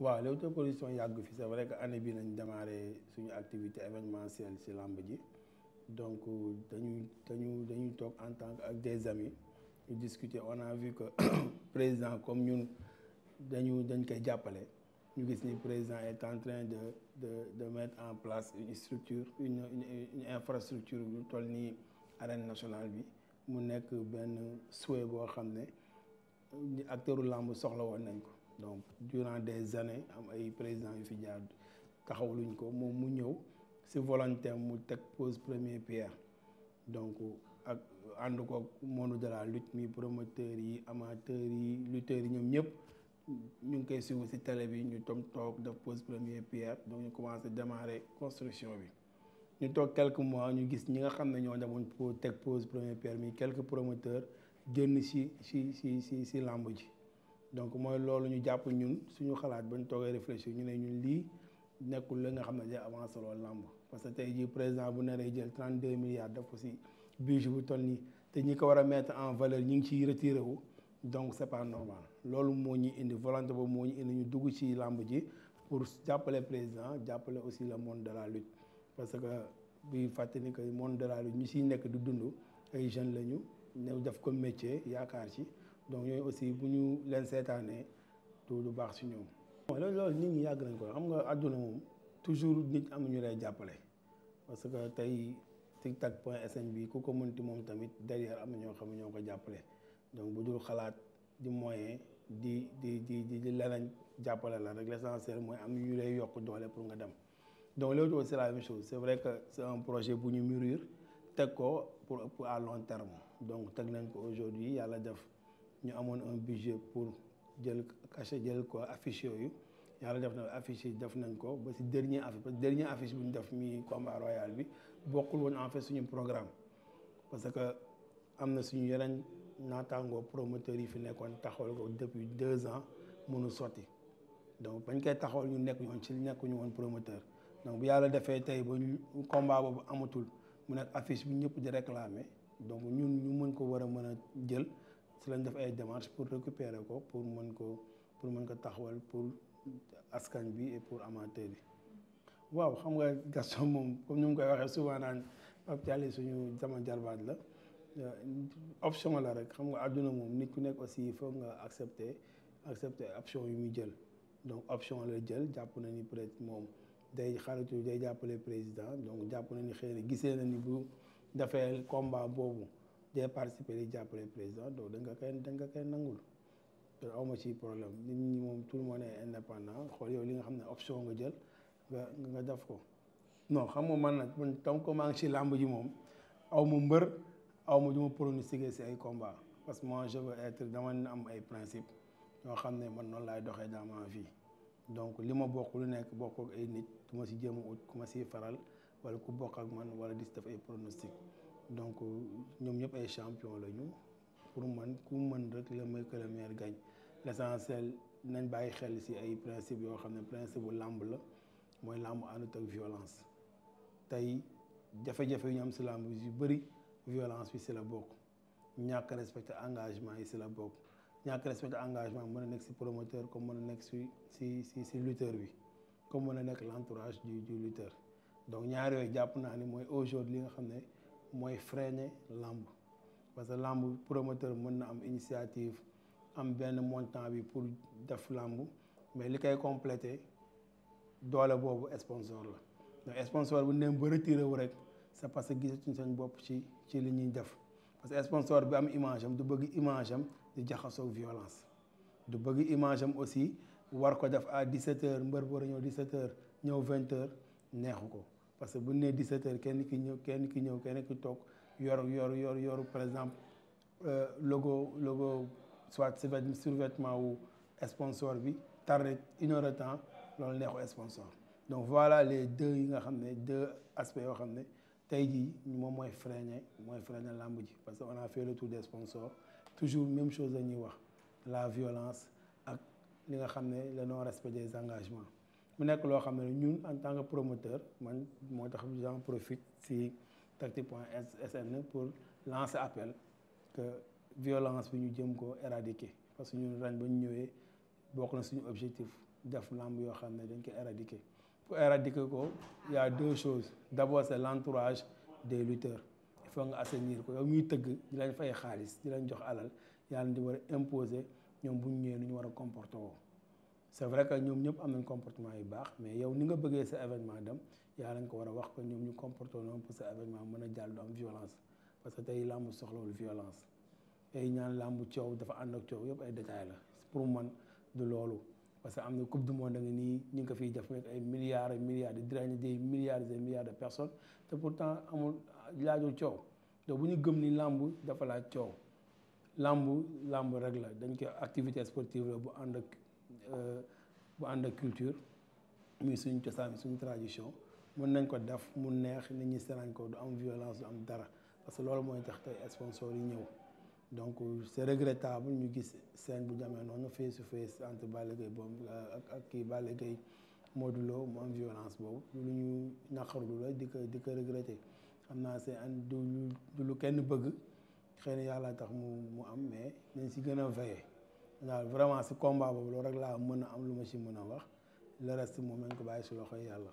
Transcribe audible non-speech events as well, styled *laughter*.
waaw Leewtoo production yàgg fi c'est vrai que année bi nañ démarré suñu activité événementielle ci làmb ji donc dañuy dañu dañuy toog en tant que ak des amis ñu discuter on a vu que *coughs* président comme ñun dañu dañ koy jàppale ñu gis ni président est en train de de de mettre en place une structure une une, infrastructure bu toll nii arène nationale bi mu nekk benn souhait boo xam ne acteuru làmb soxla woon nañ ko donc durant des années am ay président yu fi jaar taxawaluñ ko moom mu ñëw si volonté mu teg pose première pierre donc ak ànd ko moo nu la lutte mi promoteurs yi amateurs yi lutteurs yi ñoom ñëpp ñu ngi koy suivre si télé bi ñu tom toog def pose première pierre donc ñu commencé démarrer construction bi ñu toog quelque mois ñu gis ñi nga xam ne ñoo demoon pour teg pose première pierre mi quelques promoteurs génn si si si si si làmb ji donc mooy loolu ñu jàpp ñun suñu xalaat bañ toogee réfléchir ñu ne ñun lii nekkul la nga xam ne day avancé loolu làmb parce que tey jii président bu naree jël 32 milliards def ko si budget bu toll nii te ñi ko war a mettre en valeur ñi ngi ciy retiré wu donc c' est pas normal loolu moo ñu indi volonté boobu moo ñu indi ñu dugg ci làmb ji pour jàppale président jàppale aussi la monde de la lutte parce que bi fàttali que monde de la lutte ñu siy nekk du dund ay jeunes la ñu ñëw def ko métier yaakaar ci. donc yooyu aussi bu ñu leen seetaanee du lu baax si ñoom. bon loolu loolu nit ñi yàgg nañ ko am nga àdduna moom toujours nit am na ñu lay jàppale parce que tey tiktok point sn bi ku ko mënti moom tamit derrière am na ñoo xam ne ñoo ko jàppale donc bu dul xalaat di moyen di di di di leneen jàppale la rek l'essentiel mooy am ñu lay yokk doole pour nga dem donc loolu aussi c'est la même chose c'est que c'est un projet bu ñu mûrir teg ko pour pour à long terme donc teg nañ ko aujourd'hui yàlla def. ñu amoon un budget pour jël cachet jël ko affiche yu yàlla def na affiche def nañ ko ba si dernier affiche dernier affiche bu ñu def mi combat royal bi bokkul woon en fait suñu programme parce que am na suñu yeneen naataangoo promoteurs yi fi nekkoon taxawal ko depuis deux ans mënu sotti donc bañ koy taxawal ñu nekk ñoon ci nekkuñu woon promoteur donc bu yàlla defee tey ba combat boobu amatul mu nekk affice bi ñëpp di réclamer donc ñun ñu mën ko war a mën a jël si lañ def ay démarches pour récupérer ko pour mën ko pour mën ko taxawal pour askan bi et pour amateur li waaw xam nga Gaston moom comme ni mu koy waxee souvent naan Pape Thialy suñu jamono jarbaat la euh, option la rek xam nga àdduna moom nit ku nekk aussi foog nga accepter accepter option yu muy jël donc option la jël jàpp na ni peut être moom day xaritu day jàppale président donc jàpp na ni xëy gisee na ni bu defee combat boobu dee participer di jàppale président donc da nga koy da nga koy nangul te aw ma ci problème nit ñi moom tout le monde est xool yow li nga xam ne option nga jël nga nga def ko. no xam nga man na man tant que maa ngi ji moom aw ma mbër aw ma du ma pronostiquer ci ay combat parce que moi je veux être dama am ay principe yoo xam ne man noonu laay doxee dans ma donc li ma bokk lu nekk bokk ak ay nit du ma ci jéem a ut ku ma ciy faral wala ku bokk ak man wala di ci ay pronostic donc ñoom ñëpp ay champion la pour man ku mën rek le meilleur que le meilleur gagne nañ bàyyi xel ci ay principe yoo xam ne principe bu làmb la mooy làmb àndut ak violence tey jafe-jafe yu ñu am ci làmb yu bëri violence bi ci la bokk ñàkk respecté engagement yi ci la bokk ñàkk respecté engagement mën a nekk ci promoteur comme mën a nekk ci ci ci ci lutteur bi comme mën a nekk l' entourage du du lutteur donc ñaar yooyu jàpp naa ni mooy aujourd'hui nga xam ne mooy freiner lamb parce que lamb promoteur mën na am initiative am benn montant bi pour def lamb mais li koy complété doole boobu sponsor la donc sponsor bu neen ba retiré wu rek c'est parce que gisatuñ seen bopp ci ci li ñuy def parce que sponsor bi am image am du bëgg image am di jaxasoog violence du bëgg image am aussi war ko def à 17 heures mbër war a ñëw 17 heures ñëw 20 neexu ko parce que bu ñu nee 17h kenn ki ñëw kenn ki ñëw kenn ki toog yor yor yor yor par exemple euh, logo logo soit survêtement wu sponsor bi tardé une heure temps loolu neexu sponsor. donc voilà les deux yi nga xam ne deux aspects yoo xam ne tey jii moom mooy freiner mooy freiner làmb ji parce que on a fait le tout des sponsors toujours même chose la ñuy wax la violence ak li nga xam ne le non respect des engagements. mu nekk loo xam ne ñun en tant que promoteur man moo tax j'en profite si tactic point sn pour lancer appel que violence bi ñu jëm ko éradiquer parce que ñun ren ba ñu ñëwee bokk na suñu objectif def lamb yoo xam ne dañ koy éradiquer pour éradiquer ko y a deux choses d'abord c'est l'entourage des lutteurs il faut nga assainir ko yow ñuy tëgg di lañ fay xaalis di lañ jox alal yàlla di war a imposer ñoom buñ ñëwee nu ñu war a comporter woo c'est vrai que ñoom ñëpp am nañ comportement yu baax mais yow ni nga bëggee sa événement dem yaa lañ ko war a wax ko ñoom ñu comporté noonu pour sa événement mën a jàll du am violence parce que tey làmb soxlawul violence ay ñaan làmb coow dafa ànd ak coow yëpp ay détails la pour man du loolu parce que am na coupe du monde da nga nii ñu ngi ko fiy def ay milliards et milliards de draine des milliards et milliards de personnes te pourtant amul laajul coow te bu ñu gëm ni làmb dafa laaj coow làmb làmb rek la dañ ko activité sportive bu ànd Euh, bu ànd ak culture muy suñ cosaan suñu tradition mun nañ ko def mu neex nit ñi seraan ko du am violence du am dara parce que loolu mooy tax tey sponsor yi ñëw donc c'est regrettable ñu gis seen bu jamee noonu face to face entre Balla Gaye boobu euh, ak ak kii Balla Gaye Modou Lo mu am violence boobu lu ñu naqarlu la di ko di ko regretter xam naa c'est du lu kenn bëgg xëy na yàlla tax mu mu am mais nañ si gën a veiller daal vraiment si combat boobu loolu rek laa mën a am lu ma si mën a wax le reste moom nañ ko bàyyi si loxoy yàlla.